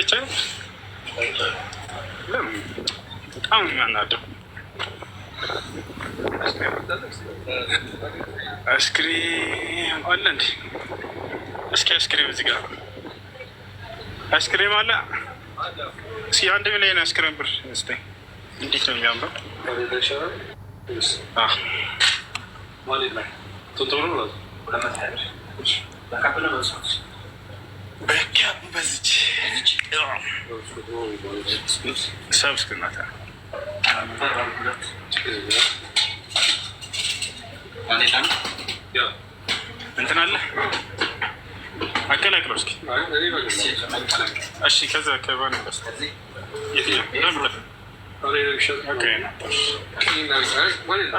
ይቻላል። በጣም የሚያናደው አይስክሪም አለ እንዴ? እስኪ አይስክሪም እዚህ ጋር አይስክሪም አለ። እስኪ አንድ ሚሊዮን አይስክሪም ብር ስጠኝ። እንዴት ነው የሚያምረው! ቶሎ እንትን አለ አቀላቅለው እስኪ። እሺ ከዛ ከበን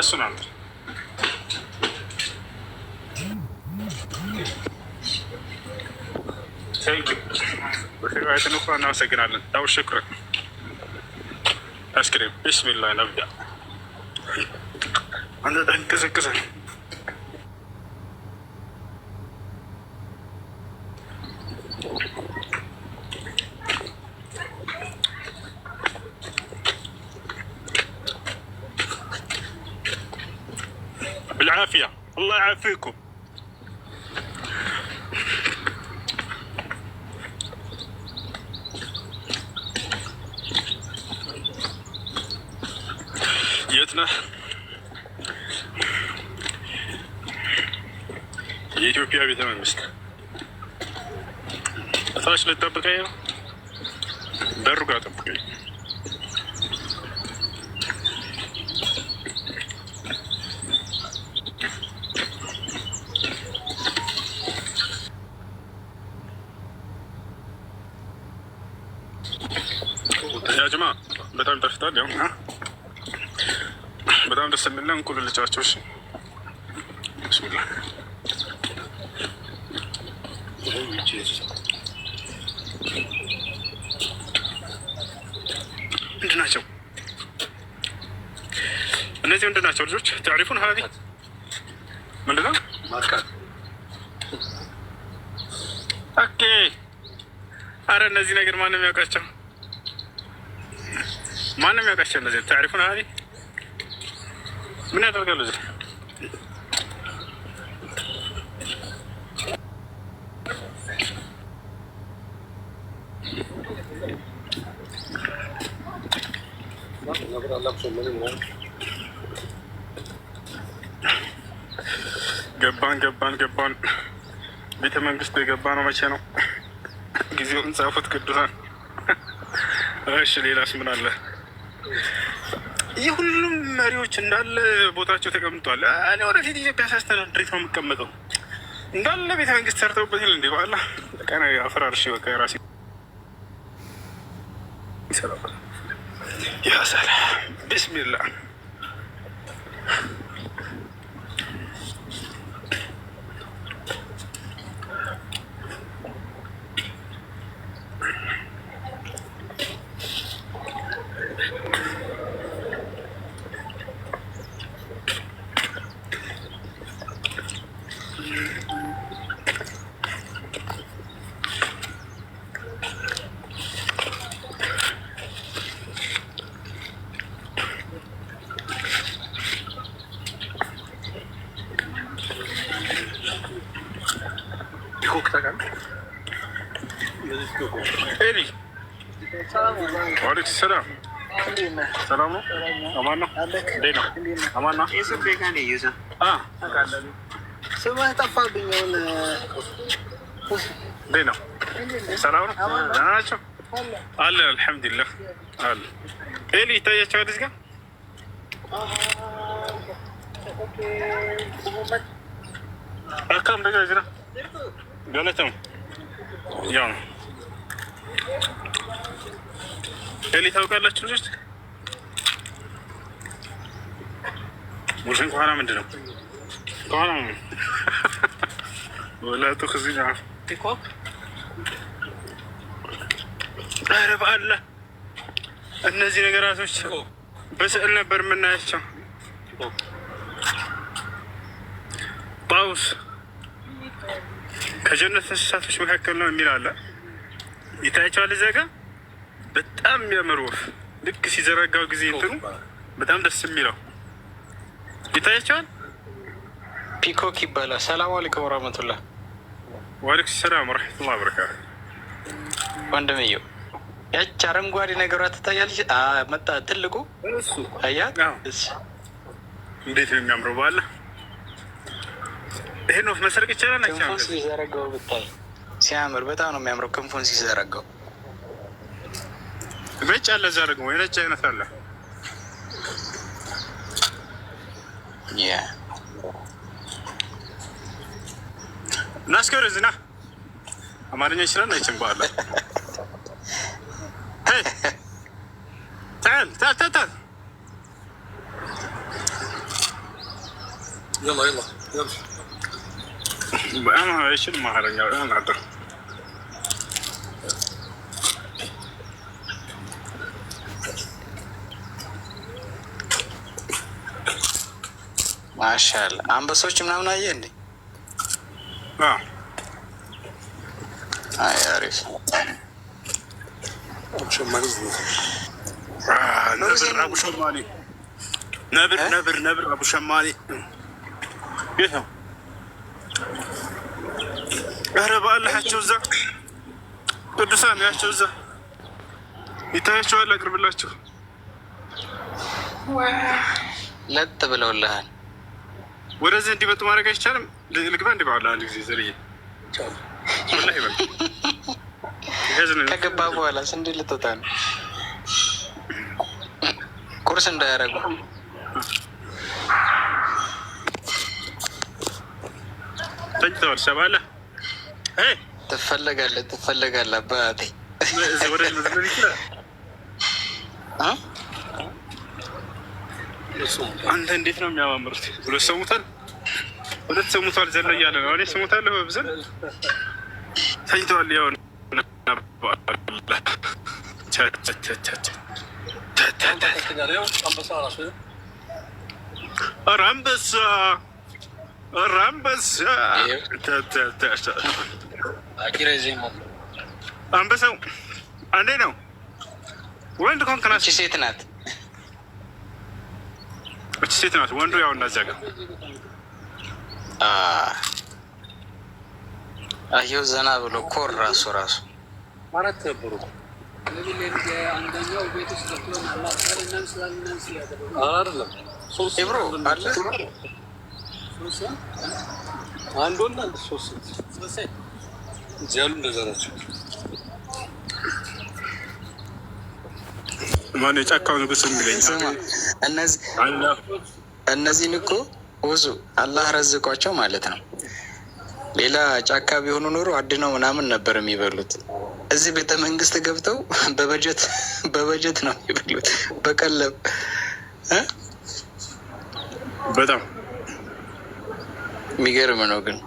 እሱን አምጣ وفي رواية أخرى እናመሰግናለን أو شكرا كريم بسم الله نبدأ አንተ كذا بالعافية الله يعافيكم ነህ። የኢትዮጵያ ቤተ መንግስት እታች ልጠብቀኝ ነው። በሩ ጋር ስንለ እንቁልልጫቸው እሺ ብስሚላ ምንድን ናቸው እነዚህ? ምንድን ናቸው ልጆች? ታሪፉን ሀቢ ምንድን ነው? ኦኬ። አረ እነዚህ ነገር ማንም ያውቃቸው፣ ማንም ያውቃቸው እነዚህ ታሪፉን ሀቢ ምን ያደርጋሉ እዚህ? ገባን ገባን ገባን። ቤተ መንግስት የገባ ነው። መቼ ነው ጊዜውን ጻፉት ቅዱሳን። እሺ ሌላስ ምን አለ? የሁሉም መሪዎች እንዳለ ቦታቸው ተቀምጧል። እኔ ወደፊት ኢትዮጵያ ሳስተዳድሬት ነው የምቀመጠው እንዳለ ቤተ መንግስት ሰርተውበት ይል እንዲ በኋላ ቀና አፈራርሽ በቃ የራሴ ይሰራበታል። ያ ሰላም ብስሚላ ሰላም ሰላም ነው። አማን ነው። እንዴት ነው? አማን ነው። የሱፍ ቤጋ ነው። ዩሱፍ ስምህ ጠፋብኝ። እንዴት ነው? ሰላም ነው። ደህና ናቸው አለ። አልሐምዱሊላህ አለ። ኤሊ ይታያቸዋል እዚህ ጋር አካም ደጋ ዝራ ገለተም ያው ሄሊ ታውቃላችሁ? ልጆች ሙሽን ከኋላ ምንድን ነው? ከኋላ ወላቱ ቲኮክ ኧረ በአላ እነዚህ ነገራቶች በስዕል ነበር የምናያቸው። ጳውስ ከጀነት እንስሳቶች መካከል ነው የሚል አለ። ይታያቸዋል እዚያ ጋር በጣም የሚያምር ወፍ ልክ ሲዘረጋው ጊዜ እንትኑ በጣም ደስ የሚለው ይታያቸዋል። ፒኮክ ይባላል። ሰላም አለይኩም ወራህመቱላ። ዋሌኩም ሰላም ወረህመቱላ በረካቱ። ወንድምየው ያች አረንጓዴ ነገሯ ትታያለች። መጣ ትልቁ እሱ አያት። እንዴት ነው የሚያምረው! በኋላ ይህን ወፍ መሰረቅ ይቻላል። ክንፉን ሲዘረጋው ብታይ ሲያምር፣ በጣም ነው የሚያምረው ክንፉን ሲዘረጋው ብልጭ አለ። እዛ ደግሞ የነጭ አይነት አለ። ና እስኪ ወደዚህ ና። አማርኛ ይችላል አይችልም? በኋላ تعال تعال تعال تعال يلا يلا يلا انا ايش المهرجان انا ማሻል አንበሶች ምናምን አየህ እንዴ? አሪፍ ነብር ነብር ነብር አቡ ሸማኔ የት ነው? ኧረ በአላህ ያቸው እዛ ቅዱሳን ያቸው እዛ ይታያቸዋል። አቅርብላቸው ለጥ ብለውልሃል። ወደዚህ እንዲመጡ ማድረግ አይቻልም። ልግባ እንዲባለ አንድ ጊዜ ዘርዬ ከገባ በኋላ ስንዴ ልትወጣ ነው። ቁርስ እንዳያረጉ ተኝተዋል። ሰባለ ትፈለጋለ ትፈለጋለህ አባቴ አንተ እንዴት ነው የሚያማምሩት? ሁለት ሰው ሙቷል፣ ሁለት ሰው ሙቷል ዘለ እያለ ነው። እኔ ተኝተዋል። ያው አንበሳው አንዴ ነው ወንድ ኮንክናት ሴት ናት እቺ ሴት ናት። ወንዱ ያው እናዚያ ጋር አየሁ ዘና ብሎ ኮር ራሱ ራሱ አራት ነበሩ። ብሮ አለ አንድ ወንድ አንድ ሶስት ሴት እንደዛ ናቸው። ማነው የጫካው ንጉስ የሚለኝ? እነዚህን እኮ ውዙ አላህ ረዝቋቸው ማለት ነው። ሌላ ጫካ ቢሆኑ ኖሮ አድነው ምናምን ነበር የሚበሉት። እዚህ ቤተ መንግስት ገብተው በበጀት በበጀት ነው የሚበሉት። በቀለብ በጣም የሚገርም ነው ግን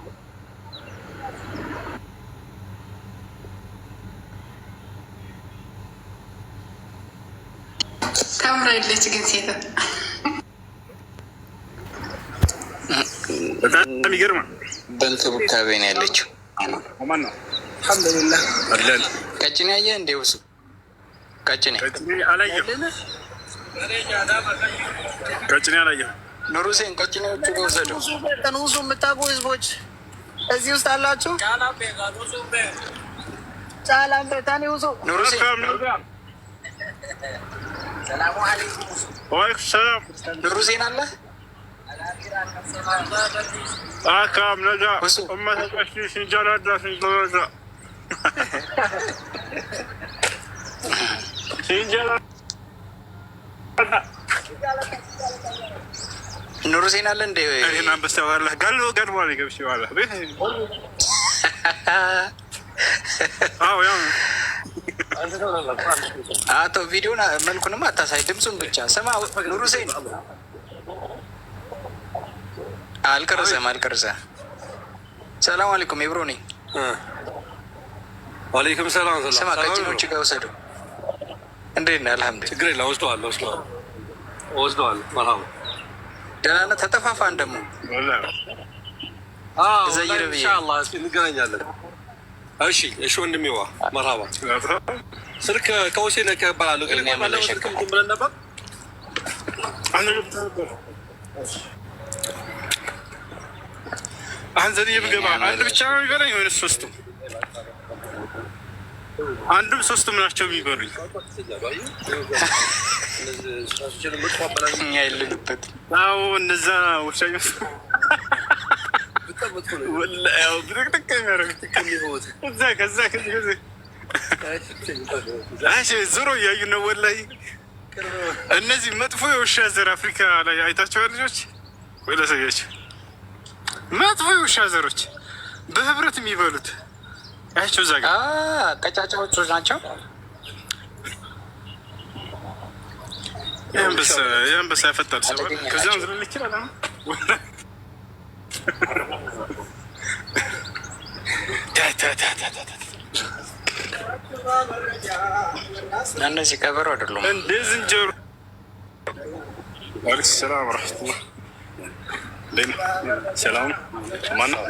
ታምራለች ግን ሴት በጣም ይገርማ በእንክብካቤ ነው ያለችው። አልሐምዱሊላህ ቀጭኔ አየህ እንደ ውሱ ቀጭኔ ቀጭኔ አላየሁም። ኑሩሴን ቀጭኔዎቹ በውሰደው ውሱ የምታውቁ ህዝቦች እዚህ ውስጥ አላችሁ። ጫላ ኑሩሴን ዋሌኩም ሰላም። ብሩ ዜና አለ አካም ነጋ እመተቀሽ ሽንጃላ ዳሽ ኑሩ ዜና አለ እንደ ይህን አንበሳ ዋላ ጋሎ ጋድማ ገብሽ ዋላ ቤት አዎ ያው አቶ ቪዲዮን መልኩንም አታሳይ፣ ድምፁን ብቻ ስማ። ኑር ሁሴን አልቀርዘም አልቀርዘም። ሰላም አለይኩም ኤብሮኒ። ዋለይኩም ሰላም። ስማ ከጭኖች ጋር ወሰዱ። እንዴት ነህ? አልሐምዱሊላህ። ችግር የለም ወስደዋል፣ ወስደዋል፣ ወስደዋል። መርሃባ ደህና ነህ? ተጠፋፋን ደግሞ እዛ ይረብዬ እንገናኛለን እሺ እሺ፣ ወንድሜዋ መርሃባ። ስልክ ከውሴ ነ እባላለሁ። ግን ብለን ነበር። አሁን ዘዴ ብገባ አንድ ብቻ ነው የሚበላኝ አንዱም ሶስቱም ናቸው የሚበሉኝ። እኛ የለንበትም። አዎ እነዛ ውሻ ዞሮ እያዩ ነው። ወላሂ እነዚህ መጥፎ የውሻ ዘር አፍሪካ ላይ አይታቸዋል። ልጆች ወይ ላሳያቸው። መጥፎ የውሻ ዘሮች በህብረት የሚበሉት አያቸው። እዛ ጋር ቀጫጫዎች ናቸው። የአንበሳ ያፈጣል ሰባ ከዚያም ዝልል ይችላል እነዚህ ቀበሮ አይደሉም እንደ ዝንጀሮ። አለይኩም ሰላም ወረሕመቱላህ። ሰላም ማነው?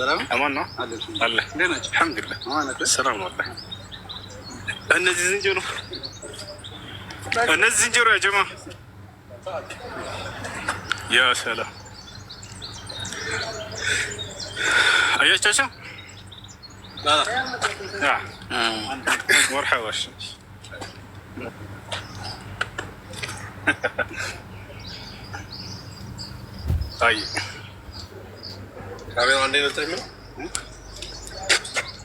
ሰላም አማን ነው አለ። አልሐምዱሊላህ ሰላም ነው። እነዚህ ዝንጀሮ እነዚህ ዝንጀሮ ያ يا سلام أيوة، ايش تشا؟ لا لا مرحبا الشمس طيب